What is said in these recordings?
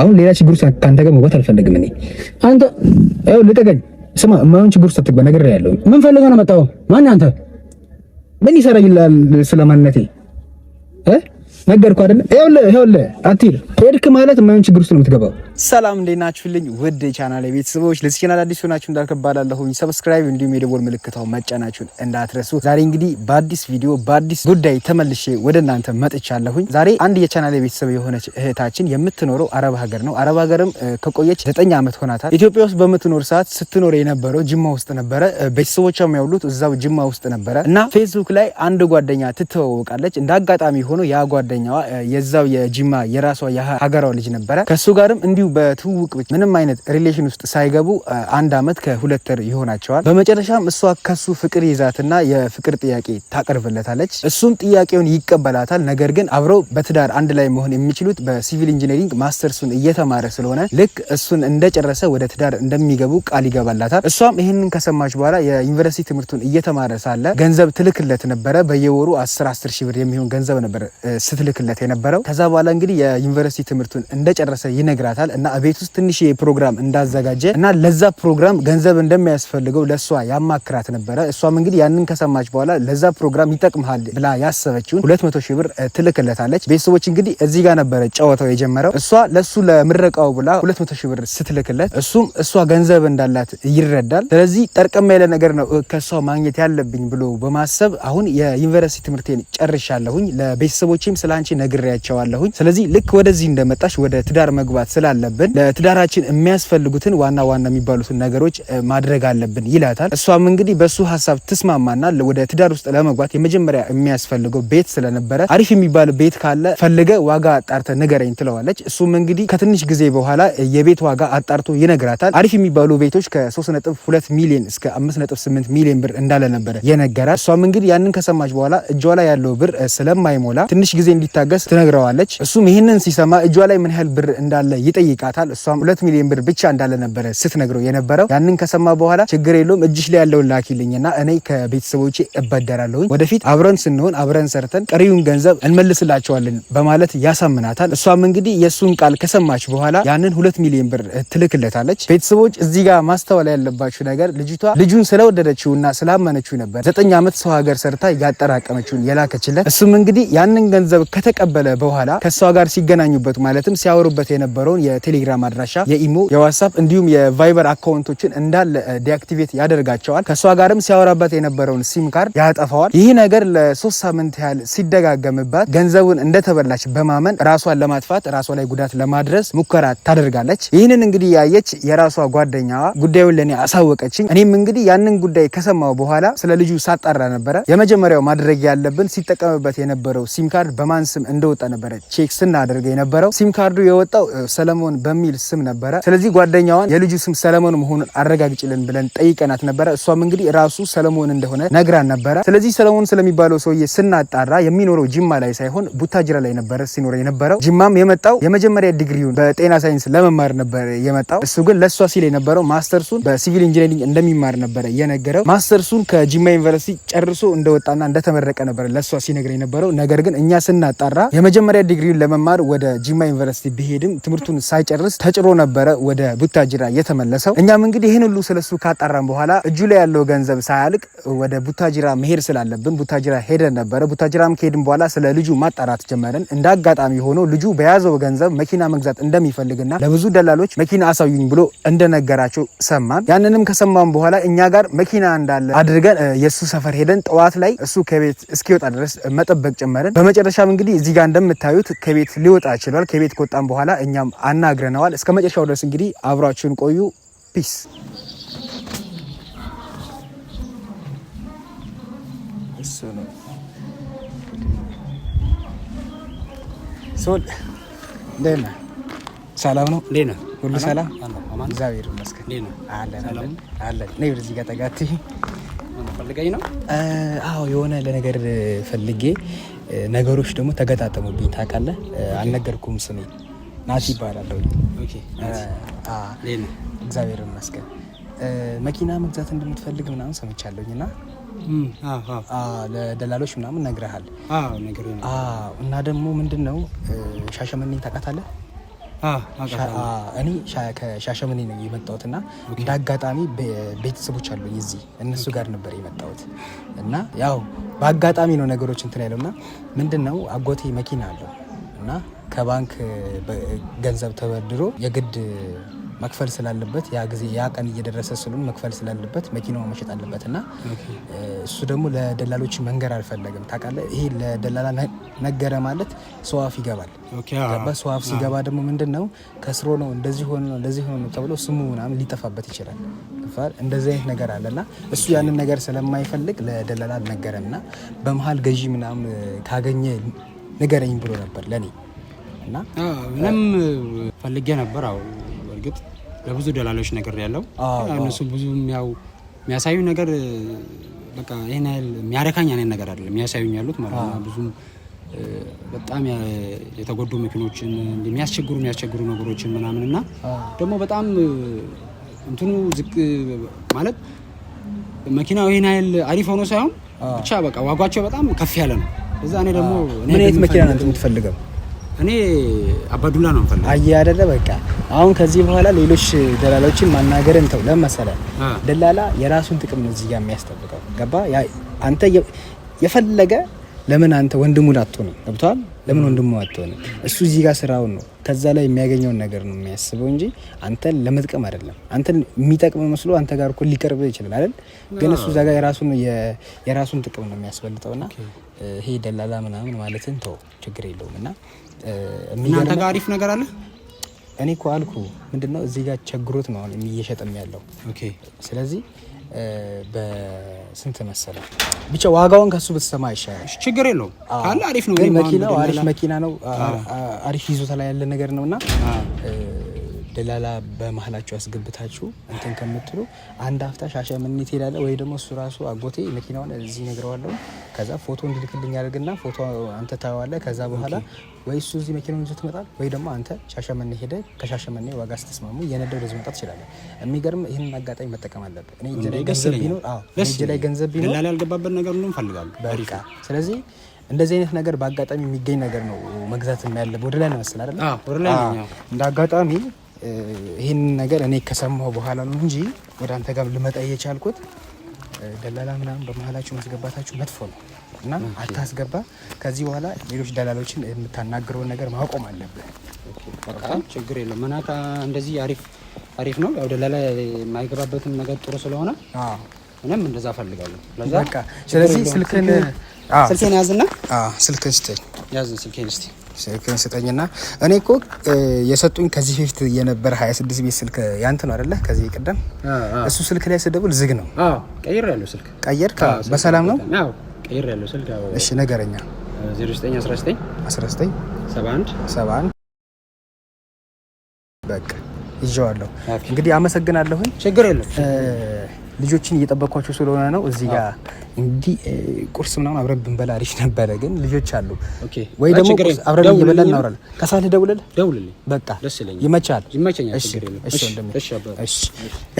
አሁን ሌላ ችግር ውስጥ ከአንተ ጋር መግባት አልፈለግም። እኔ አንተ ያው ልጠቀኝ። ስማ ማን ችግር ውስጥ አትግባ። ነገር ያለው ምን ፈልገህ ነው መጣው? ማን አንተ? ምን ይሰራ ይላል ስለማንነቴ እ ነገርኩህ አይደል? ያው አትሂድ። ሄድክ ማለት ማን ችግር ውስጥ ነው የምትገባው። ሰላም እንዴት ናችሁልኝ? ውድ የቻናል ቤተሰቦች፣ ለዚህ ቻናል አዲስ ሆናችሁ እንዳልከባላለሁኝ ሰብስክራይብ፣ እንዲሁም የደወል ምልክታው መጫናችሁን እንዳትረሱ። ዛሬ እንግዲህ በአዲስ ቪዲዮ በአዲስ ጉዳይ ተመልሼ ወደ እናንተ መጥቻለሁኝ። ዛሬ አንድ የቻናል ቤተሰብ የሆነች እህታችን የምትኖረው አረብ ሀገር ነው። አረብ ሀገርም ከቆየች ዘጠኝ ዓመት ሆናታል። ኢትዮጵያ ውስጥ በምትኖር ሰዓት ስትኖር የነበረው ጅማ ውስጥ ነበረ። ቤተሰቦቿም ያውሉት እዛው ጅማ ውስጥ ነበረ እና ፌስቡክ ላይ አንድ ጓደኛ ትተዋወቃለች። እንደ አጋጣሚ ሆኖ ያ ጓደኛዋ የዛው የጅማ የራሷ የሀገሯ ልጅ ነበረ ከእሱ ጋርም እንዲሁ በትውውቅ ምንም አይነት ሪሌሽን ውስጥ ሳይገቡ አንድ አመት ከሁለት ወር ይሆናቸዋል። በመጨረሻም እሷ ከሱ ፍቅር ይዛትና የፍቅር ጥያቄ ታቀርብለታለች። እሱም ጥያቄውን ይቀበላታል። ነገር ግን አብረው በትዳር አንድ ላይ መሆን የሚችሉት በሲቪል ኢንጂነሪንግ ማስተርሱን እየተማረ ስለሆነ ልክ እሱን እንደጨረሰ ወደ ትዳር እንደሚገቡ ቃል ይገባላታል። እሷም ይህንን ከሰማች በኋላ የዩኒቨርሲቲ ትምህርቱን እየተማረ ሳለ ገንዘብ ትልክለት ነበረ። በየወሩ አስር አስር ሺህ ብር የሚሆን ገንዘብ ነበር ስትልክለት የነበረው። ከዛ በኋላ እንግዲህ የዩኒቨርሲቲ ትምህርቱን እንደጨረሰ ይነግራታል። እና ቤት ውስጥ ትንሽ ፕሮግራም እንዳዘጋጀ እና ለዛ ፕሮግራም ገንዘብ እንደሚያስፈልገው ለእሷ ያማክራት ነበረ። እሷም እንግዲህ ያንን ከሰማች በኋላ ለዛ ፕሮግራም ይጠቅምሃል ብላ ያሰበችውን ሁለት መቶ ሺህ ብር ትልክለታለች። ቤተሰቦች እንግዲህ እዚህ ጋር ነበረ ጨዋታው የጀመረው። እሷ ለእሱ ለምረቃው ብላ ሁለት መቶ ሺህ ብር ስትልክለት እሱም እሷ ገንዘብ እንዳላት ይረዳል። ስለዚህ ጠርቀም ያለ ነገር ነው ከእሷ ማግኘት ያለብኝ ብሎ በማሰብ አሁን የዩኒቨርሲቲ ትምህርቴን ጨርሻለሁኝ፣ ለቤተሰቦችም ስለ አንቺ ነግሬያቸዋለሁኝ። ስለዚህ ልክ ወደዚህ እንደመጣሽ ወደ ትዳር መግባት ስላለ አለብን፣ ለትዳራችን የሚያስፈልጉትን ዋና ዋና የሚባሉትን ነገሮች ማድረግ አለብን ይላታል። እሷም እንግዲህ በእሱ ሀሳብ ትስማማና ወደ ትዳር ውስጥ ለመግባት የመጀመሪያ የሚያስፈልገው ቤት ስለነበረ አሪፍ የሚባል ቤት ካለ ፈልገ ዋጋ አጣርተ ንገረኝ ትለዋለች። እሱም እንግዲህ ከትንሽ ጊዜ በኋላ የቤት ዋጋ አጣርቶ ይነግራታል። አሪፍ የሚባሉ ቤቶች ከ3.2 ሚሊዮን እስከ 5.8 ሚሊዮን ብር እንዳለ ነበረ የነገራት። እሷም እንግዲህ ያንን ከሰማች በኋላ እጇ ላይ ያለው ብር ስለማይሞላ ትንሽ ጊዜ እንዲታገስ ትነግረዋለች። እሱም ይህንን ሲሰማ እጇ ላይ ምን ያህል ብር እንዳለ ይጠይቃል። ይጠይቃታል። እሷም ሁለት ሚሊዮን ብር ብቻ እንዳለ ነበረ ስትነግረው የነበረው። ያንን ከሰማ በኋላ ችግር የለውም እጅሽ ላይ ያለውን ላኪልኝና እኔ ከቤተሰቦቼ እበደራለሁኝ ወደፊት አብረን ስንሆን አብረን ሰርተን ቀሪውን ገንዘብ እንመልስላቸዋለን በማለት ያሳምናታል። እሷም እንግዲህ የእሱን ቃል ከሰማች በኋላ ያንን ሁለት ሚሊዮን ብር ትልክለታለች። ቤተሰቦች እዚህ ጋር ማስተዋል ያለባችሁ ነገር ልጅቷ ልጁን ስለወደደችውና ስላመነችው ነበር ዘጠኝ ዓመት ሰው ሀገር ሰርታ ያጠራቀመችውን የላከችለት። እሱም እንግዲህ ያንን ገንዘብ ከተቀበለ በኋላ ከእሷ ጋር ሲገናኙበት ማለትም ሲያወሩበት የነበረውን የቴሌግራም አድራሻ፣ የኢሞ፣ የዋትሳፕ እንዲሁም የቫይበር አካውንቶችን እንዳለ ዲአክቲቬት ያደርጋቸዋል። ከእሷ ጋርም ሲያወራባት የነበረውን ሲም ካርድ ያጠፋዋል። ይህ ነገር ለሶስት ሳምንት ያህል ሲደጋገምባት ገንዘቡን እንደተበላች በማመን ራሷን ለማጥፋት ራሷ ላይ ጉዳት ለማድረስ ሙከራ ታደርጋለች። ይህንን እንግዲህ ያየች የራሷ ጓደኛዋ ጉዳዩን ለእኔ አሳወቀችኝ። እኔም እንግዲህ ያንን ጉዳይ ከሰማው በኋላ ስለ ልጁ ሳጣራ ነበረ። የመጀመሪያው ማድረግ ያለብን ሲጠቀምበት የነበረው ሲም ካርድ በማን ስም እንደወጣ ነበረ ቼክ ስናደርገ የነበረው። ሲም ካርዱ የወጣው ሰለሞን ሰለሞን በሚል ስም ነበረ። ስለዚህ ጓደኛዋን የልጁ ስም ሰለሞን መሆኑን አረጋግጭልን ብለን ጠይቀናት ነበረ። እሷም እንግዲህ ራሱ ሰለሞን እንደሆነ ነግራን ነበረ። ስለዚህ ሰለሞን ስለሚባለው ሰውዬ ስናጣራ የሚኖረው ጅማ ላይ ሳይሆን ቡታጅራ ላይ ነበረ ሲኖረ የነበረው። ጅማም የመጣው የመጀመሪያ ዲግሪውን በጤና ሳይንስ ለመማር ነበረ የመጣው። እሱ ግን ለእሷ ሲል የነበረው ማስተርሱን በሲቪል ኢንጂነሪንግ እንደሚማር ነበረ የነገረው። ማስተርሱን ከጅማ ዩኒቨርሲቲ ጨርሶ እንደወጣና እንደተመረቀ ነበረ ለእሷ ሲነግር የነበረው። ነገር ግን እኛ ስናጣራ የመጀመሪያ ዲግሪውን ለመማር ወደ ጅማ ዩኒቨርሲቲ ቢሄድም ትምህርቱን ሳይጨርስ ተጭሮ ነበረ ወደ ቡታጅራ የተመለሰው። እኛም እንግዲህ ይህን ሁሉ ስለሱ ካጣራን በኋላ እጁ ላይ ያለው ገንዘብ ሳያልቅ ወደ ቡታጅራ መሄድ ስላለብን ቡታጅራ ሄደን ነበረ። ቡታጅራም ከሄድን በኋላ ስለ ልጁ ማጣራት ጀመረን። እንደ አጋጣሚ ሆኖ ልጁ በያዘው ገንዘብ መኪና መግዛት እንደሚፈልግና ለብዙ ደላሎች መኪና አሳዩኝ ብሎ እንደነገራቸው ሰማን። ያንንም ከሰማን በኋላ እኛ ጋር መኪና እንዳለ አድርገን የእሱ ሰፈር ሄደን ጠዋት ላይ እሱ ከቤት እስኪወጣ ድረስ መጠበቅ ጀመረን። በመጨረሻም እንግዲህ እዚህ ጋር እንደምታዩት ከቤት ሊወጣ ችሏል። ከቤት ከወጣን በኋላ እኛም አና ተናግረነዋል። እስከ መጨረሻው ድረስ እንግዲህ አብራችሁን ቆዩ። ፒስ ሰላም ነው። እንዴት ነህ? ሁሉ ሰላም? እግዚአብሔር ይመስገን። አለን አለን። ነይ ወደዚህ ጋር ጠጋት። ፈልገኝ ነው? አዎ የሆነ ለነገር ፈልጌ ነገሮች ደግሞ ተገጣጠሙብኝ። ታውቃለህ፣ አልነገርኩም ስሜ ናቲ ይባላል። እግዚአብሔር ይመስገን። መኪና መግዛት እንደምትፈልግ ምናምን ሰምቻለሁኝ እና ለደላሎች ምናምን ነግረሃል እና ደግሞ ምንድን ነው ሻሸመኔ ታውቃታለህ? እኔ ከሻሸመኔ ነው የመጣሁት እና እንደ አጋጣሚ ቤተሰቦች አሉ እዚህ እነሱ ጋር ነበር የመጣሁት እና ያው በአጋጣሚ ነው ነገሮች እንትን ያለው እና ምንድን ነው አጎቴ መኪና አለው እና ከባንክ ገንዘብ ተበድሮ የግድ መክፈል ስላለበት ያ ጊዜ ያ ቀን እየደረሰ ስለሆነ መክፈል ስላለበት መኪናው መሸጥ አለበት እና እሱ ደግሞ ለደላሎች መንገር አልፈለግም። ታውቃለህ፣ ይሄ ለደላላ ነገረ ማለት ሰዋፍ ይገባል። ሰዋፍ ሲገባ ደግሞ ምንድን ነው ከስሮ ነው እንደዚህ ሆነ ነው እንደዚህ ሆነ ነው ተብሎ ስሙ ምናምን ሊጠፋበት ይችላል። እንደዚህ አይነት ነገር አለ እና እሱ ያንን ነገር ስለማይፈልግ ለደላላ አልነገረም እና በመሀል ገዢ ምናምን ካገኘ ንገረኝ ብሎ ነበር ለእኔ እና ምንም ፈልጌ ነበር። አዎ እርግጥ ለብዙ ደላሎች ነገር ያለው እነሱ ብዙ ያው የሚያሳዩ ነገር በቃ ይህን ያህል የሚያረካኝ አይነት ነገር አይደለም የሚያሳዩኝ ያሉት ማለት ነው። ብዙም በጣም የተጎዱ መኪኖችን የሚያስቸግሩ የሚያስቸግሩ ነገሮችን ምናምን እና ደግሞ በጣም እንትኑ ዝቅ ማለት መኪናው ይህን ያህል አሪፍ ሆኖ ሳይሆን ብቻ በቃ ዋጓቸው በጣም ከፍ ያለ ነው። እዛ እኔ ደግሞ ምን አይነት መኪና ነው የምትፈልገው? እኔ አባዱላ ነው የምፈልገው። አየህ አይደለ በቃ አሁን ከዚህ በኋላ ሌሎች ደላላዎችን ማናገር እንተው። ለምን ደላላ የራሱን ጥቅም ነው እዚህ ጋር የሚያስጠብቀው። ገባ አንተ የፈለገ ለምን አንተ ወንድሙን አትሆንም? ገብቷል? ለምን ወንድሙ አትሆንም? እሱ እዚህ ጋር ስራውን ነው ከዛ ላይ የሚያገኘውን ነገር ነው የሚያስበው እንጂ አንተን ለመጥቀም አይደለም። አንተን የሚጠቅም መስሎ አንተ ጋር እኮ ሊቀርብ ይችላል አይደል? ግን እሱ እዛ ጋር የራሱን የራሱን ጥቅም ነው የሚያስበልጠው። ና ይሄ ደላላ ምናምን ማለትን ተው፣ ችግር የለውም። እና እናንተ ጋር አሪፍ ነገር አለ። እኔ እኮ አልኩ ምንድነው እዚህ ጋር ቸግሮት ነው አሁን እየሸጠም ያለው። ስለዚህ በስንት መሰለ ብቻ ዋጋውን ከሱ ብትሰማ ይሻላል። ችግር የለውም ካለ አሪፍ ነው። መኪናው አሪፍ መኪና ነው። አሪፍ ይዞታ ላይ ያለ ነገር ነው እና ደላላ በመሀላቸው ያስገብታችሁ እንትን ከምትሉ አንድ ሀፍታ ምንት ይላለ ወይ ደግሞ እሱ ራሱ አጎቴ መኪናውን እዚህ ነግረዋለሁ። ከዛ ፎቶ እንዲልክልኝ ያደርግና ፎቶ አንተ ታዋለ። ከዛ በኋላ ወይ እሱ እዚህ መኪናውን ይዞ ትመጣል ወይ ደግሞ አንተ ሻሸመኔ ሄደህ ከሻሸመኔ ዋጋ ስትስማሙ የነዳው ወደዚህ መምጣት ትችላለህ። የሚገርም ይህንን አጋጣሚ መጠቀም አለብህ። እኔ እጄ ላይ ገንዘብ ቢኖር እጄ ላይ ገንዘብ ቢኖር ደላላ ያልገባበት ነገር ሁሉ እፈልጋለሁ። በቃ ስለዚህ እንደዚህ አይነት ነገር በአጋጣሚ የሚገኝ ነገር ነው። መግዛት ያለብህ ወደ ላይ ነው መሰለህ አይደለ? ወደ ላይ እንደ አጋጣሚ ይህንን ነገር እኔ ከሰማሁ በኋላ ነው እንጂ ወደ አንተ ጋር ልመጣ የቻልኩት። ደላላ ምናምን በመሀላችሁ ማስገባታችሁ መጥፎ ነው እና አታስገባ። ከዚህ በኋላ ሌሎች ደላሎችን የምታናግረውን ነገር ማቆም አለብህ። ችግር የለም እንደዚህ አሪፍ አሪፍ ነው። ያው ደላላ የማይገባበትም ነገር ጥሩ ስለሆነ እኔም እንደዛ ፈልጋለሁ። ስለዚህ ስልክን ስልኬን ያዝና ስልክህን ስጠኝ። ያዝን ስልኬን ስጠኝ ስልክህን ስጠኝና እኔ እኮ የሰጡኝ ከዚህ በፊት የነበረ ስድስት ቤት ስልክ ያንተ ነው አይደለ? ከዚህ ቀደም እሱ ስልክ ላይ ስደውል ዝግ ነው። ቀይር ያለው ስልክ ቀየር። በሰላም ነው? ቀይር ያለው ስልክ። እሺ ነገረኛ 0919 19 71 71 በቃ ይዤዋለሁ። እንግዲህ አመሰግናለሁኝ። ችግር የለም ልጆችን እየጠበቅኳቸው ስለሆነ ነው። እዚህ ጋር እንግዲህ ቁርስ ምናምን አብረን ብንበላ አሪፍ ነበረ፣ ግን ልጆች አሉ ወይ ደግሞ አብረን እየበላን እናወራለን። ከሳልህ ደውልልህ ደውልልህ፣ በቃ ይመቻል።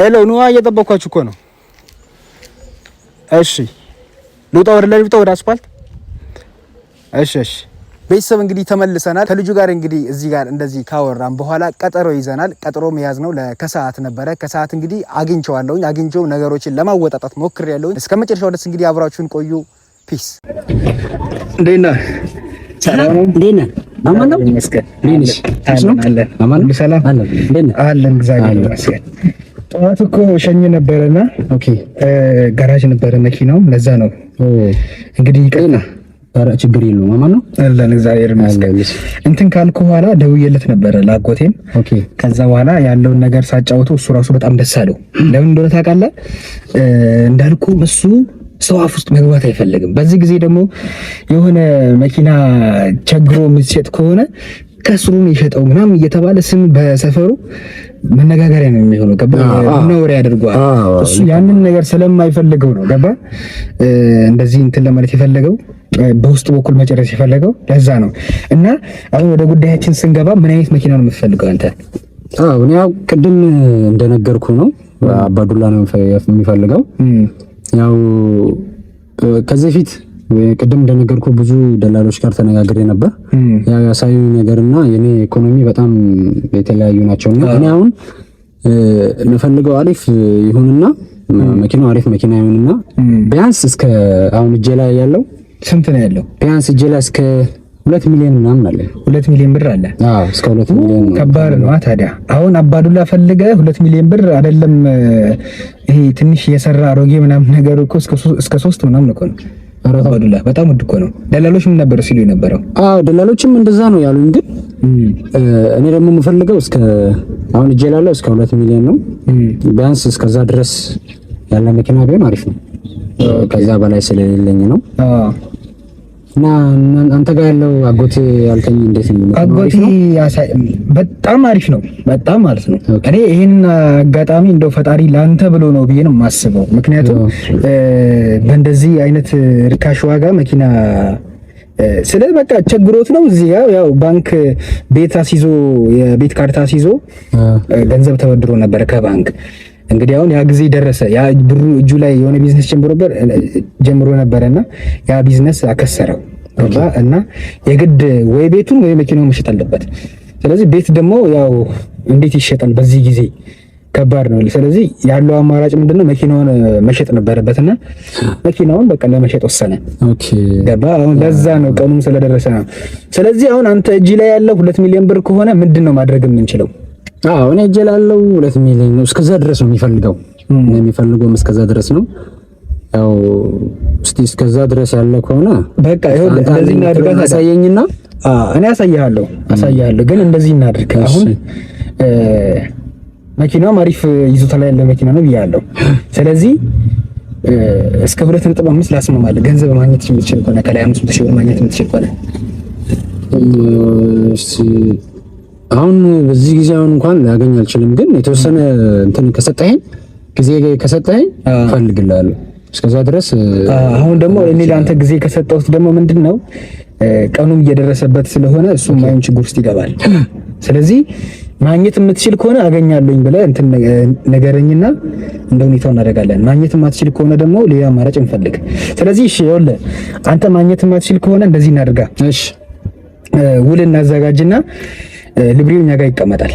ሄሎ ኑዋ፣ እየጠበቅኳችሁ እኮ ነው። እሺ ልውጣ፣ ወደ ላይ ልውጣ፣ ወደ አስፋልት። እሺ እሺ ቤተሰብ እንግዲህ ተመልሰናል። ከልጁ ጋር እንግዲህ እዚህ ጋር እንደዚህ ካወራም በኋላ ቀጠሮ ይዘናል። ቀጠሮ መያዝ ነው ለከሰዓት ነበረ። ከሰዓት እንግዲህ አግኝቸዋለሁኝ። አግኝቸው ነገሮችን ለማወጣጣት ሞክር ሞክሬያለሁኝ። እስከ መጨረሻው ድረስ እንግዲህ አብራችሁን ቆዩ። ፒስ። እንዴት ሰላም ጠዋት እኮ ሸኝ ነበረና ኦኬ፣ ጋራጅ ነበረ መኪናው። ለዛ ነው እንግዲህ ይቅርታ ችግር የለውም። አማን ነው አለን። እግዚአብሔር ይመስገን። እንትን ካልኩ በኋላ ደውዬለት ነበረ ላጎቴም። ኦኬ ከዛ በኋላ ያለውን ነገር ሳጫወተው እሱ ራሱ በጣም ደስ አለው። ለምን እንደሆነ ታውቃለህ? እንዳልኩ እሱ ሰው አፍ ውስጥ መግባት አይፈልግም። በዚህ ጊዜ ደግሞ የሆነ መኪና ቸግሮ የምትሸጥ ከሆነ ከስሩን የሸጠው ምናምን እየተባለ ስም በሰፈሩ መነጋገሪያ ነው የሚሆነው። ገባ ነውር ያደርገዋል። እሱ ያንን ነገር ስለማይፈልገው ነው ገባ እንደዚህ እንትን ለማለት የፈለገው በውስጥ በኩል መጨረስ የፈለገው ለዛ ነው። እና አሁን ወደ ጉዳያችን ስንገባ ምን አይነት መኪና ነው የምትፈልገው አንተ? እኔ ያው ቅድም እንደነገርኩ ነው አባዱላ ነው የሚፈልገው። ያው ከዚህ ፊት ቅድም እንደነገርኩ ብዙ ደላሎች ጋር ተነጋግሬ ነበር። ያው ያሳዩ ነገርና የኔ ኢኮኖሚ በጣም የተለያዩ ናቸውና እኔ አሁን የምፈልገው አሪፍ ይሁንና መኪናው አሪፍ መኪና ይሁንና ቢያንስ እስከ አሁን እጄ ላይ ያለው ስንት ነው ያለው? ቢያንስ እጄ ላይ እስከ ሁለት ሚሊዮን ምናምን አለ። ሁለት ሚሊዮን ብር አለ። አዎ እስከ ሁለት ሚሊዮን ከባድ ነው ታዲያ። አሁን አባዱላ ፈልገ ሁለት ሚሊዮን ብር አይደለም ይሄ ትንሽ የሰራ አሮጌ ምናምን ነገር እኮ እስከ ሶስት ምናምን እኮ ነው አባዱላ። በጣም ውድ እኮ ነው። ደላሎች ምን ነበር ሲሉ የነበረው? አዎ ደላሎችም እንደዛ ነው ያሉኝ። ግን እኔ ደግሞ የምፈልገው እስከ አሁን እጄ ላለው እስከ ሁለት ሚሊዮን ነው። ቢያንስ እስከዛ ድረስ ያለ መኪና ቢሆን አሪፍ ነው። ከዛ በላይ ስለሌለኝ ነው። እና አንተ ጋር ያለው አጎቴ ያልከኝ እንዴት ነው? አጎቴ በጣም አሪፍ ነው፣ በጣም ማለት ነው። እኔ ይህን አጋጣሚ እንደው ፈጣሪ ለአንተ ብሎ ነው ብዬ ነው የማስበው። ምክንያቱም በእንደዚህ አይነት ርካሽ ዋጋ መኪና ስለ በቃ ቸግሮት ነው። እዚህ ያው ያው ባንክ ቤት አስይዞ የቤት ካርታ አስይዞ ገንዘብ ተበድሮ ነበር ከባንክ እንግዲህ አሁን ያ ጊዜ ደረሰ። ያ ብሩ እጁ ላይ የሆነ ቢዝነስ ጀምሮ ነበር እና ያ ቢዝነስ አከሰረው እና የግድ ወይ ቤቱን ወይ መኪናውን መሸጥ አለበት። ስለዚህ ቤት ደግሞ ያው እንዴት ይሸጣል በዚህ ጊዜ ከባድ ነው። ስለዚህ ያለው አማራጭ ምንድነው? መኪናውን መሸጥ ነበረበት እና መኪናውን በቃ ለመሸጥ ወሰነ። ገባ አሁን ለዛ ነው ቀኑም ስለደረሰ ነው። ስለዚህ አሁን አንተ እጅ ላይ ያለው ሁለት ሚሊዮን ብር ከሆነ ምንድን ነው ማድረግ የምንችለው? አዎ እኔ እጄ ላለው ሁለት ሚሊዮን ነው። እስከዛ ድረስ ነው የሚፈልገው እኔ የሚፈልገውም እስከዛ ድረስ ነው። ያው እስቲ እስከዛ ድረስ ያለ ከሆነ በቃ ይሁን እንደዚህ እናድርግ። አሳየኝና እኔ አሳያለሁ አሳያለሁ። ግን እንደዚህ እናድርግ። አሁን መኪናው አሪፍ ይዞታ ላይ ያለ መኪና ነው ብያለሁ። ስለዚህ እስከ ሁለት ነጥብ አምስት ላስማማለህ። ገንዘብ ማግኘት የምትችል ከሆነ ከላይ አምስት መቶ ሺህ ብር ማግኘት የምትችል ከሆነ አሁን በዚህ ጊዜ አሁን እንኳን ላገኝ አልችልም፣ ግን የተወሰነ እንትን ከሰጠኸኝ ጊዜ ከሰጠኸኝ እፈልግልሃለሁ። እስከዛ ድረስ አሁን ደግሞ እኔ ለአንተ ጊዜ ከሰጠሁት ደግሞ ምንድን ነው ቀኑም እየደረሰበት ስለሆነ እሱም አሁን ችግር ውስጥ ይገባል። ስለዚህ ማግኘት የምትችል ከሆነ አገኛለሁኝ ብለህ እንትን ነገረኝና እንደ ሁኔታው እናደርጋለን። ማግኘት የማትችል ከሆነ ደግሞ ሌላ አማራጭ እንፈልግ። ስለዚህ እሺ፣ ይኸውልህ አንተ ማግኘት የማትችል ከሆነ እንደዚህ እናድርጋ። እሺ፣ ውል እናዘጋጅና ልብሬው እኛ ጋር ይቀመጣል።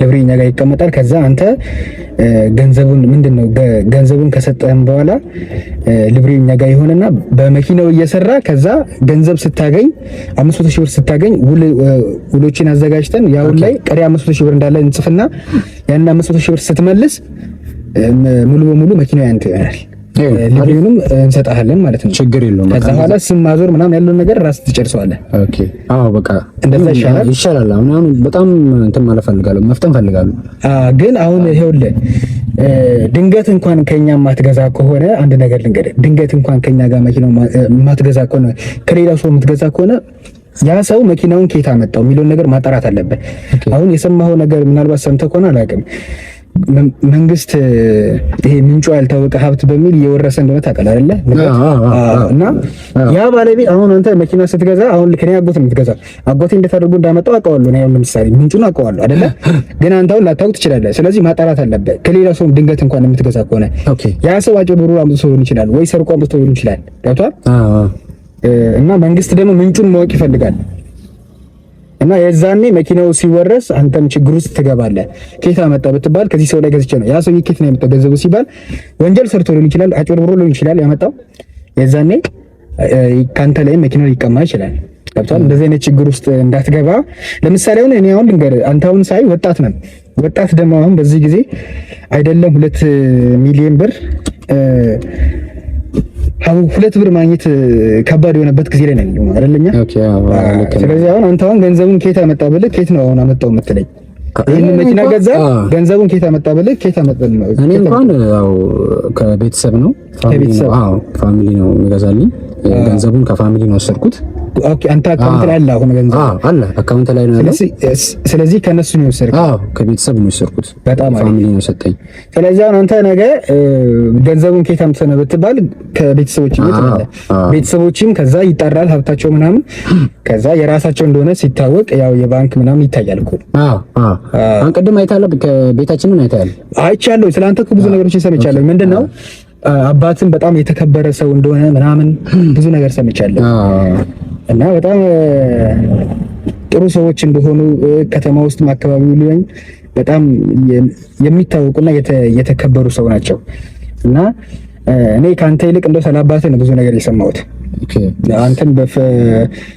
ልብሬው እኛ ጋር ይቀመጣል። ከዛ አንተ ገንዘቡን ምንድነው ገንዘቡን ከሰጠህም በኋላ ልብሬው እኛ ጋር ይሆንና በመኪናው እየሰራ ከዛ ገንዘብ ስታገኝ 500 ሺህ ብር ስታገኝ ውሎችን አዘጋጅተን ያውን ላይ ቀሪ 500 ሺህ ብር እንዳለ እንጽፍና ያንን 500 ሺህ ብር ስትመልስ ሙሉ በሙሉ መኪናው ያንተ ይሆናል። ሪቪውንም እንሰጣለን ማለት ነው። ችግር የለውም። ከዛ በኋላ ሲም ማዞር ምናምን ያለውን ነገር ራስ ትጨርሰዋለህ። ኦኬ። አዎ በቃ እንደዛ ይሻላል፣ ይሻላል። አሁን አሁን በጣም እንትን ማለት ፈልጋለሁ፣ መፍጠን ፈልጋለሁ። ግን አሁን ይኸውልህ ድንገት እንኳን ከኛ ማትገዛ ከሆነ አንድ ነገር ልንገርህ፣ ድንገት እንኳን ከኛ ጋር መኪናው ማትገዛ ከሆነ ከሌላ ሰው የምትገዛ ከሆነ ያ ሰው መኪናውን ከየት አመጣው የሚለውን ነገር ማጣራት አለበት። አሁን የሰማኸው ነገር ምናልባት ሰምተህ ከሆነ አላውቅም መንግስት ይሄ ምንጩ ያልታወቀ ሀብት በሚል እየወረሰ እንደሆነ ታውቃለህ አይደለ? እና ያ ባለቤት አሁን አንተ መኪና ስትገዛ አሁን ልክ እኔ አጎት ነው የምትገዛው። አጎቴ እንዴት አድርጎ እንዳመጣው አውቀዋለሁ። እኔ አሁን ለምሳሌ ምንጩን አውቀዋለሁ አይደለ? ግን አንተ አሁን ላታውቅ ትችላለህ። ስለዚህ ማጣራት አለብህ። ከሌላ ሰው ድንገት እንኳን የምትገዛ ከሆነ ያ ሰው አጭበርብሮ አምጥቶ ሊሆን ይችላል ወይ ሰርቆ አምጥቶ ሊሆን ይችላል። ገብቶሃል? እና መንግስት ደግሞ ምንጩን ማወቅ ይፈልጋል። እና የዛኔ መኪናው ሲወረስ አንተም ችግር ውስጥ ትገባለህ። ኬት አመጣ ብትባል ከዚህ ሰው ላይ ገዝቼ ነው። ያ ሰው ከየት ነው ያመጣው ገንዘቡ ሲባል ወንጀል ሰርቶ ሊሆን ይችላል፣ አጭበርብሮ ሊሆን ይችላል ያመጣው። የዛኔ ከአንተ ላይ መኪናው ሊቀማ ይችላል። ገብቷል። እንደዚህ አይነት ችግር ውስጥ እንዳትገባ። ለምሳሌ አሁን እኔ አሁን ልንገርህ፣ አንተ አሁን ሳይ ወጣት ነን። ወጣት ደግሞ አሁን በዚህ ጊዜ አይደለም ሁለት ሚሊዮን ብር ሁለት ብር ማግኘት ከባድ የሆነበት ጊዜ ላይ ነው አይደለኛ? ስለዚህ አሁን አንተ አሁን ገንዘቡን ኬት አመጣ ብልህ ኬት ነው አሁን አመጣው የምትለኝ? ይህን መኪና ገዛ ገንዘቡን ኬት አመጣ ብልህ ኬት አመጣ? እኔ እንኳን ያው ከቤተሰብ ነው ፋሚሊ ነው የሚገዛልኝ። ገንዘቡን ከፋሚሊ ነው ወሰድኩት። ኦኬ፣ አንተ አካውንት ላይ አለ አሁን ገንዘብ አለ አካውንት ላይ ነው። ስለዚህ ከነሱ ነው የወሰድኩት። አዎ ከቤተሰብ ነው የወሰድኩት። በጣም አሪፍ ፋሚሊ ነው ሰጠኝ። ስለዚህ አሁን አንተ ነገ ገንዘቡን ከየት አምጥተህ ነው ብትባል ከቤተሰቦች ነው ተባለ። ቤተሰቦችም ከዛ ይጣራል ሀብታቸው ምናምን፣ ከዛ የራሳቸው እንደሆነ ሲታወቅ ያው የባንክ ምናምን ይታያል እኮ። አዎ አዎ አሁን ቅድም አይተሃል፣ ከቤታችንን አይተሃል። አይቻለሁ። ስለአንተ እኮ ብዙ ነገሮችን ሰምቻለሁ። ምንድን ነው አባትን በጣም የተከበረ ሰው እንደሆነ ምናምን ብዙ ነገር ሰምቻለሁ። እና በጣም ጥሩ ሰዎች እንደሆኑ ከተማ ውስጥ አካባቢው ሊሆን በጣም የሚታወቁና የተከበሩ ሰው ናቸው። እና እኔ ከአንተ ይልቅ እንደው ስለ አባት ነው ብዙ ነገር የሰማሁት። አንተን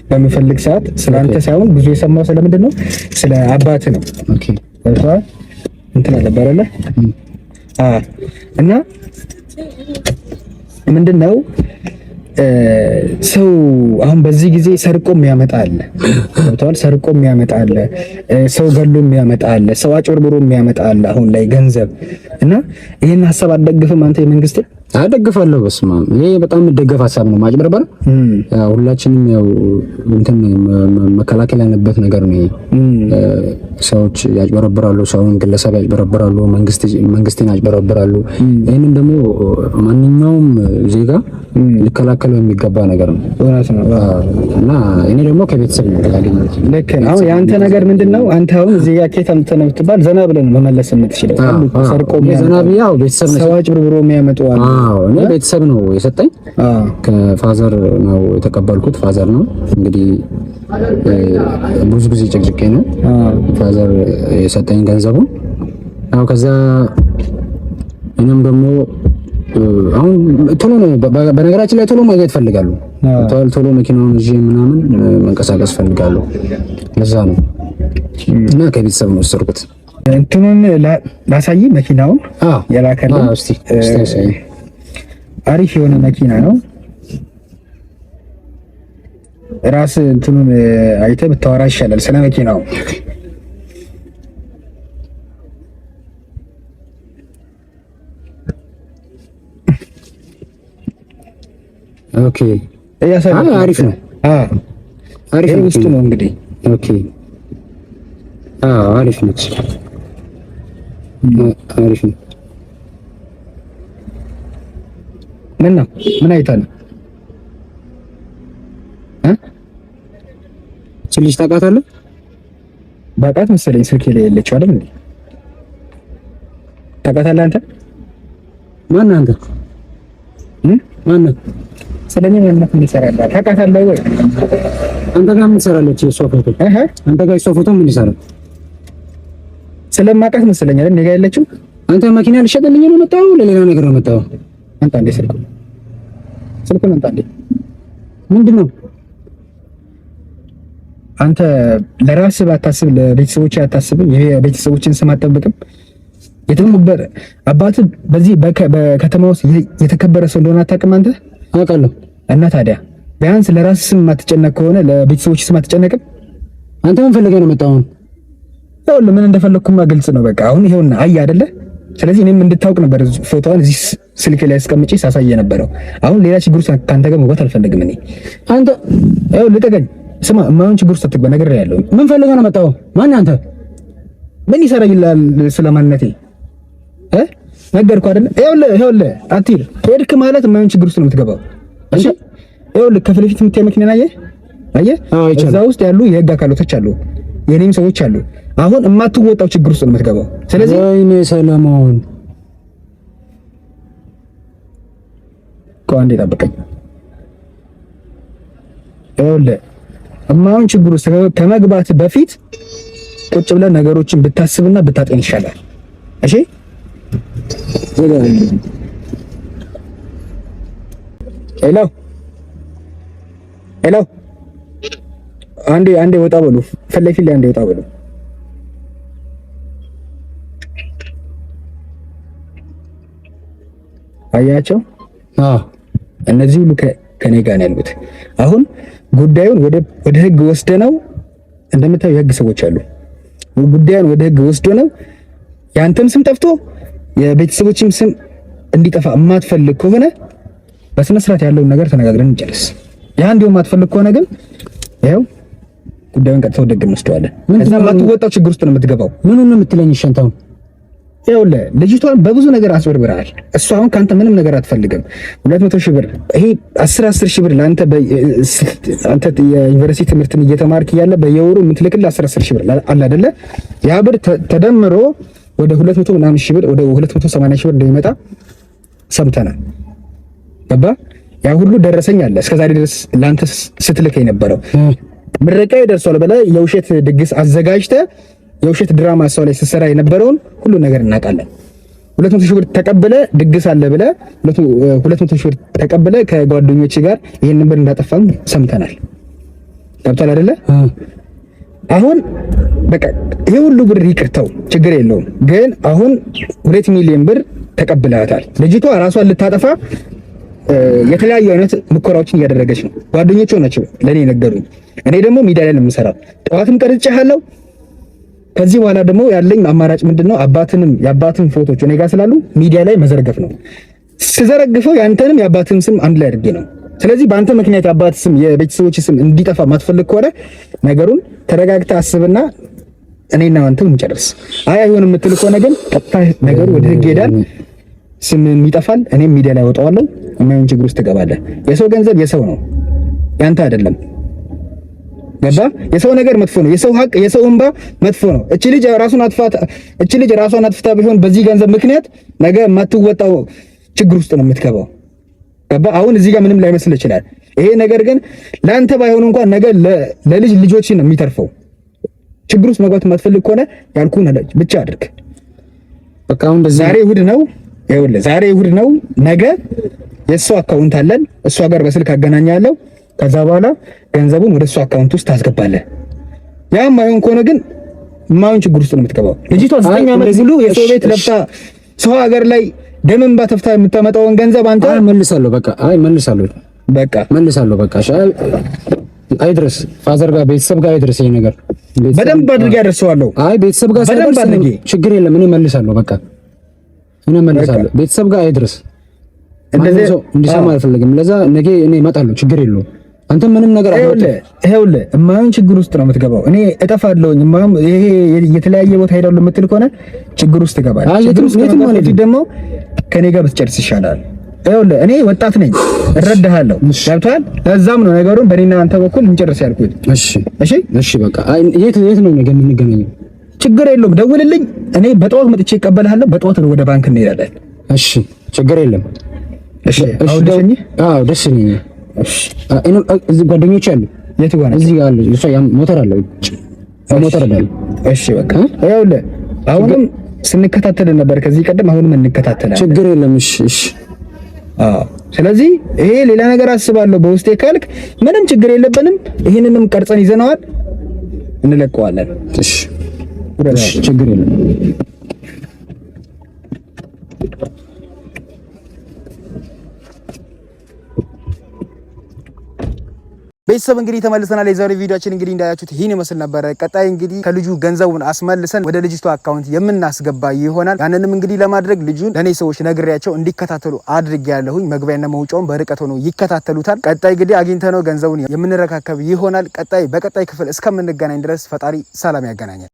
በምፈልግ ሰዓት ስለ አንተ ሳይሆን ብዙ የሰማው ስለምንድን ነው? ስለ አባት ነው። እንትን አለባለ እና ምንድን ነው ሰው አሁን በዚህ ጊዜ ሰርቆ የሚያመጣ አለ፣ ገብተዋል። ሰርቆ የሚያመጣ አለ፣ ሰው ገሎ የሚያመጣ አለ፣ ሰው አጭበርብሮ የሚያመጣ አለ። አሁን ላይ ገንዘብ እና ይህን ሀሳብ አልደግፍም አንተ የመንግስትን አደግፋለሁ በስማ ይሄ በጣም ደገፍ ሀሳብ ነው። ማጭበርበር ሁላችንም ያው እንትን መከላከል ያለበት ነገር ነው። ሰዎች ያጭበረብራሉ፣ ሰውን ግለሰብ ያጭበረብራሉ፣ መንግስት መንግስትን ያጭበረብራሉ። ይህንን ደግሞ ማንኛውም ዜጋ ሊከላከለው የሚገባ ነገር ነው ነው። እና እኔ ደግሞ ከቤተሰብ ነው ያገኘሁት። ልክ ነው። አሁን የአንተ ነገር ምንድን ነው? አንተ አሁን እዚህ ያኬት አምጥተህ ነው ብትባል ዘና ብለን መመለስ የምትችለው ዘና ብዬ ቤተሰብ ነው ሰው አጭበርብሮ የሚያመጡ አሉ እኔ ቤተሰብ ነው የሰጠኝ። ከፋዘር ነው የተቀበልኩት። ፋዘር ነው እንግዲህ ብዙ ጊዜ ጭቅጭቄ ነው ፋዘር የሰጠኝ ገንዘቡ። ያው ከዛ እኔም ደግሞ አሁን ቶሎ ነው በነገራችን ላይ ቶሎ ማግኘት ፈልጋለሁ። ቶሎ መኪናውን እ ምናምን መንቀሳቀስ ፈልጋለሁ። ለዛ ነው እና ከቤተሰብ ነው የወሰድኩት። እንትኑን ላሳይ መኪናውን የላከልን አሪፍ የሆነ መኪና ነው። ራስ እንትኑን አይተ ብታወራ ይሻላል ስለ መኪናው። ኦኬ እያሳየሁ አሪፍ ነው። አዎ አሪፍ ውስጥ ነው እንግዲህ። ኦኬ አሪፍ ነው። አሪፍ ነው። ምን ነው ምን አይተህ ነው? ልጅ ታውቃታለህ? በቃት መሰለኝ ስልኬ ላይ የለችው አይደል እንዴ? ታውቃታለህ አንተ? ማነህ አንተ? ማነህ? ስለኔ ምንም ምን ይሰራል? ታውቃታለህ ወይ? አንተ ጋር ምን ትሰራለች? የእሷ እህ አንተ ጋር የእሷ ምን ይሰራል? ስለማውቃት መሰለኝ አይደል? እኔ ጋር የለችው። አንተ መኪና ልሸጥልኝ ነው መጣው? ለሌላ ነገር ነው መጣው? አንተ ስልኩ ስልኩን አንተ ምንድን ነው አንተ ለራስህ ባታስብ ለቤተሰቦች አታስብ። ይሄ ቤተሰቦችን ስም አጠብቅም። የተከበረ በዚህ በከተማ ውስጥ የተከበረ ሰው እንደሆነ አታውቅም። አንተ አውቃለሁ። እና ታዲያ ቢያንስ ለራስህ ስም የማትጨነቅ ከሆነ ለቤተሰቦች ስም አትጨነቅም። አንተ ምን ፈልገህ ነው የመጣው? አሁን ምን እንደፈለግኩማ ግልጽ ነው። በቃ አሁን ይሄውና አይ አይደለ። ስለዚህ እኔም እንድታውቅ ነበር ፎቶዋን እዚህ ስልክ ላይ አስቀምጪ ሳሳየ ነበረው። አሁን ሌላ ችግር ውስጥ ከአንተ ጋር መግባት አልፈልግም። እኔ አንተ ያው ልጠቀኝ። ስማ ማሁን ችግር ውስጥ አትግባ። ነገር ያለው ምን ፈልገህ ነው መጣው? ማን አንተ? ምን ይሰራልሃል? ስለማንነቴ እ ነገርኩ አይደል? ይኸውልህ ይኸውልህ አትሂድ። ሄድክ ማለት ማሁን ችግር ውስጥ ነው የምትገባው። እሺ ይኸውልህ ከፊት ለፊት የምታይ መኪና አየህ አየህ? እዛ ውስጥ ያሉ የህግ አካላቶች አሉ፣ የኔም ሰዎች አሉ። አሁን እማትወጣው ችግር ውስጥ ነው የምትገባው። ስለዚህ ሰለሞን አንዴ ጠብቀኝ። ይኸውልህ እማይሆን ችግር ውስጥ ከመግባት በፊት ቁጭ ብለህ ነገሮችን ብታስብና ብታጤን ይሻላል። እሺ ሄሎ ሄሎ፣ አንዴ አንዴ ወጣ በሉ፣ ፊት ለፊት ላይ አንዴ ወጣ በሉ። አያቸው። አዎ እነዚህ ሁሉ ከኔ ጋር ያሉት። አሁን ጉዳዩን ወደ ህግ ወስደ ነው እንደምታዩ የህግ ሰዎች አሉ። ጉዳዩን ወደ ህግ ወስዶ ነው የአንተም ስም ጠፍቶ የቤተሰቦችም ስም እንዲጠፋ የማትፈልግ ከሆነ በስነ ስርዓት ያለውን ነገር ተነጋግረን እንጨርስ። ያ እንዲሁም የማትፈልግ ከሆነ ግን ይኸው ጉዳዩን ቀጥታ ወደ ህግ እንወስደዋለን። ምንድነው የማትወጣው ችግር ውስጥ ነው የምትገባው። ምኑን ነው የምትለኝ? እሺ ይኸውልህ ልጅቷን በብዙ ነገር አስበርብራል። እሱ አሁን ከአንተ ምንም ነገር አትፈልግም። ሁለት መቶ ሺህ ብር ይሄ አስር አስር ሺህ ብር ለአንተ አንተ የዩኒቨርሲቲ ትምህርትን እየተማርክ እያለ በየወሩ የምትልክልህ አስር አስር ሺህ ብር አለ አይደለ? ያ ብር ተደምሮ ወደ ሁለት መቶ ምናምን ሺህ ብር ወደ ሁለት መቶ ሰማንያ ሺህ ብር እንደሚመጣ ሰምተናል። ገባ? ያ ሁሉ ደረሰኝ አለ እስከዛሬ ድረስ ለአንተ ስትልክ የነበረው ምረቃ ይደርሷል ብለህ የውሸት ድግስ አዘጋጅተህ የውሸት ድራማ ሰው ላይ ስትሰራ የነበረውን ሁሉ ነገር እናውቃለን። 200 ሺህ ብር ተቀብለ ድግስ አለ ብለ 200 ሺህ ብር ተቀብለ ከጓደኞች ጋር ይሄን ብር እንዳጠፋም ሰምተናል። ገብቷል አይደለ? አሁን በቃ ይሄ ሁሉ ብር ይቅርተው ችግር የለውም። ግን አሁን ሁለት ሚሊዮን ብር ተቀብለታል። ልጅቷ ራሷን ልታጠፋ የተለያዩ አይነት ሙከራዎችን እያደረገች ነው። ጓደኞቿ ናቸው ለኔ ነገሩኝ። እኔ ደግሞ ሚዲያ ላይ ነው የምሰራው። ጠዋትም ቀርጬሃለሁ፣ ከዚህ በኋላ ደግሞ ያለኝ አማራጭ ምንድነው? አባትንም የአባትን ፎቶች እኔ ጋር ስላሉ ሚዲያ ላይ መዘርገፍ ነው። ስዘረግፈው ያንተንም የአባትን ስም አንድ ላይ አድርጌ ነው። ስለዚህ በአንተ ምክንያት የአባት ስም የቤተሰቦች ስም እንዲጠፋ ማትፈልግ ከሆነ ነገሩን ተረጋግተ አስብና እኔና አንተ እንጨርስ። አይ አይሆንም የምትል ከሆነ ግን ቀጥታ ነገሩ ወደ ህግ ይሄዳል። ስምም ይጠፋል። እኔም ሚዲያ ላይ ወጣዋለሁ። የማይሆን ችግር ውስጥ ትገባለህ። የሰው ገንዘብ የሰው ነው፣ ያንተ አይደለም። ገባ የሰው ነገር መጥፎ ነው። የሰው ሀቅ የሰው እንባ መጥፎ ነው። እቺ ልጅ ራሷን አጥፍታ እቺ ልጅ ራሷን አጥፍታ ቢሆን በዚህ ገንዘብ ምክንያት ነገ የማትወጣው ችግር ውስጥ ነው የምትገባው። ገባ አሁን እዚህ ጋር ምንም ላይመስል ይችላል። ይሄ ነገር ግን ለአንተ ባይሆን እንኳን ነገ ለልጅ ልጆች ነው የሚተርፈው። ችግር ውስጥ መግባት የማትፈልግ ከሆነ ያልኩህን ብቻ አድርግ። በቃ አሁን ዛሬ እሑድ ነው። ይኸውልህ ዛሬ እሑድ ነው። ነገ የእሷ አካውንት አለን እሷ ጋር በስልክ አገናኛለሁ። ከዛ በኋላ ገንዘቡን ወደ እሱ አካውንት ውስጥ ታስገባለህ። ያ ማይሆን ከሆነ ግን ማውን ችግር ውስጥ ነው የምትገባው። ልጅቷ ዘጠኝ ዓመት ሙሉ የሰው ቤት ለብታ ሰው ሀገር ላይ ደምን ባተፍታ የምታመጣውን ገንዘብ አንተ አይ መልሳለሁ፣ በቃ አይ መልሳለሁ፣ በቃ መልሳለሁ፣ በቃ አይድረስ ፋዘር ጋር ቤተሰብ ጋር አይድረስ። ይሄ ነገር በደንብ አድርጌ አደርሰዋለሁ። አይ ቤተሰብ ጋር በደንብ አድርጌ ችግር የለም እኔ መልሳለሁ፣ በቃ እኔ መልሳለሁ። ቤተሰብ ጋር አይድረስ። እንደዚህ እንዲሰማ አልፈልግም። ለዛ ነገ እኔ እመጣለሁ፣ ችግር የለውም። አንተ ምንም ነገር አይደለም። ይኸውልህ እማይሆን ችግር ውስጥ ነው የምትገባው። እኔ እጠፋለሁኝ እማይሆን ይሄ የተለያየ ቦታ ሄዳለሁ የምትል ከሆነ ችግር ውስጥ ትገባለህ። ችግር ውስጥ ደግሞ ከኔ ጋር ብትጨርስ ይሻላል። ይኸውልህ እኔ ወጣት ነኝ፣ እረዳሃለሁ። ገብቶሃል? ለዛም ነው ነገሩን በእኔና አንተ በኩል እንጨርስ ያልኩት። እሺ፣ እሺ፣ እሺ። በቃ የት የት ነው ነገ የምንገናኘው? ችግር የለውም፣ ደውልልኝ። እኔ በጠዋት መጥቼ እቀበልሃለሁ። በጠዋት ወደ ባንክ እንሄዳለን። እሺ፣ ችግር የለም። እሺ፣ ደስ ነኝ እዚህ ጓደኞች አሉ። የት ጋር እዚህ አለ ሞተር አለ ሞተር አለ። እሺ በቃ ይኸውልህ፣ አሁንም ስንከታተል ነበር ከዚህ ቀደም፣ አሁንም እንከታተላለን። ችግር የለም። እሺ እሺ። አዎ ስለዚህ ይሄ ሌላ ነገር አስባለሁ በውስጤ ካልክ ምንም ችግር የለብንም። ይህንንም ቀርጸን ይዘነዋል፣ እንለቀዋለን። እሺ ችግር የለም። ቤተሰብ እንግዲህ ተመልሰናል። የዛሬ ቪዲዮችን እንግዲህ እንዳያችሁት ይህን ይመስል ነበረ። ቀጣይ እንግዲህ ከልጁ ገንዘቡን አስመልሰን ወደ ልጅቱ አካውንት የምናስገባ ይሆናል። ያንንም እንግዲህ ለማድረግ ልጁን ለእኔ ሰዎች ነግሬያቸው እንዲከታተሉ አድርጌ ያለሁኝ። መግቢያና መውጫውን በርቀት ሆኖ ይከታተሉታል። ቀጣይ እንግዲህ አግኝተነው ገንዘቡን የምንረካከብ ይሆናል። ቀጣይ በቀጣይ ክፍል እስከምንገናኝ ድረስ ፈጣሪ ሰላም ያገናኛል።